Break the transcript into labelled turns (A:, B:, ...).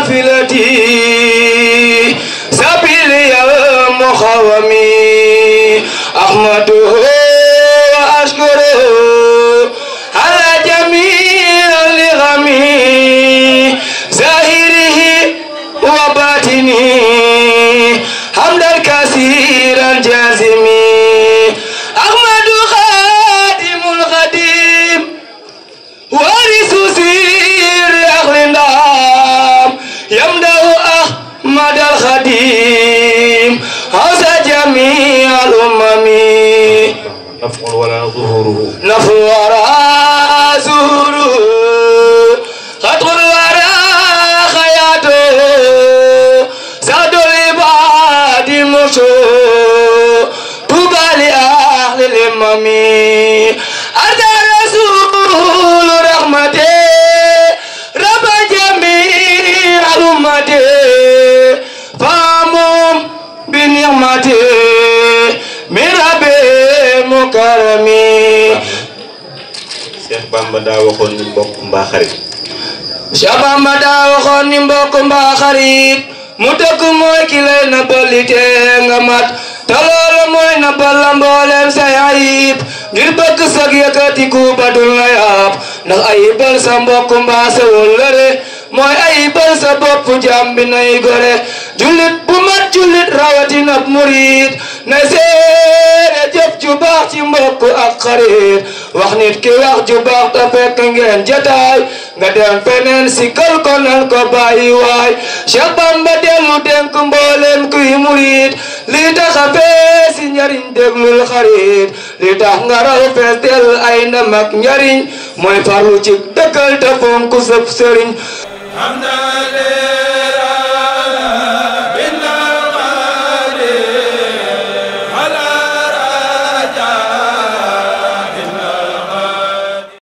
A: نافلتي سبيلي مخومي أحمده وأشكره على جميع لغمي زاهره وباطنه حمد الكريم الحكيم حوز جميع الأمم نفع ولا ظهوره نفع وراء ظهوره خطر وراء خياته زاد العباد مرشو طوبى لأهل الأمم أنت رسول رحمته رب جميع الأمة نعمتي من ربي مكرمي Cheikh Bamba daa waxoon ni mbokk mbaa xarit Cheikh Bamba daa waxoon ni mbokk mbaa xarit mu tëkk mooy ki lay nabalite nga mat te loolu mooy nabal la mboolem say ayib ngir bëgg sag yëkkatiku ba dul nga yàpp ndax ayibal sa mbokk mbaa sa wëllëre mooy ayibal sa bopp jàmbi nay gore jullit bu mat jullit rawatina ak murit na seene jëf ju baax ci mbokk ak xarit wax nit ki wax ju baax te ngeen jataay nga dem feneen si kal ko nan ko bàyyi waay Cheikh Bamba dellu dénk mbooleem kuy murit li tax a fees si njariñ déglul xarit li tax nga raw fees del ay ndam njariñ mooy farlu ci dëkkal te fonk sëf sëriñ